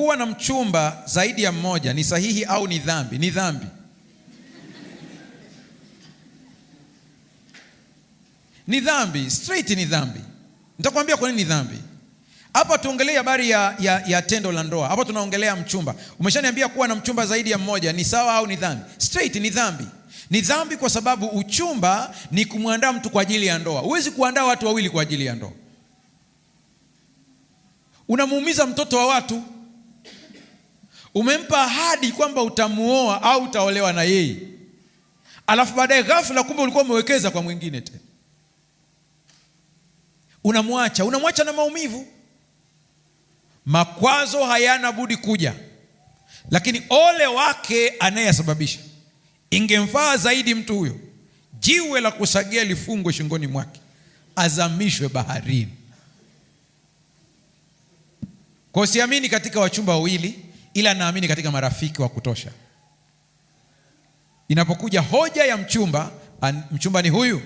kuwa na mchumba zaidi ya mmoja ni sahihi au ni dhambi? Ni dhambi. Ni dhambi, straight ni dhambi. Nitakwambia kwa nini ni dhambi. Hapa tuongelee habari ya, ya, ya tendo la ndoa. Hapa tunaongelea mchumba. Umeshaniambia kuwa na mchumba zaidi ya mmoja ni sawa au ni dhambi? Straight ni dhambi. Ni dhambi kwa sababu uchumba ni kumwandaa mtu kwa ajili ya ndoa. Huwezi kuandaa watu wawili kwa ajili ya ndoa. Unamuumiza mtoto wa watu. Umempa ahadi kwamba utamuoa au utaolewa na yeye, alafu baadaye ghafla, kumbe ulikuwa umewekeza kwa mwingine tena. Unamwacha, unamwacha na maumivu. Makwazo hayana budi kuja, lakini ole wake anayeyasababisha. Ingemfaa zaidi mtu huyo jiwe la kusagia lifungwe shingoni mwake, azamishwe baharini. Kwa usiamini katika wachumba wawili ila naamini katika marafiki wa kutosha. Inapokuja hoja ya mchumba, mchumba ni huyu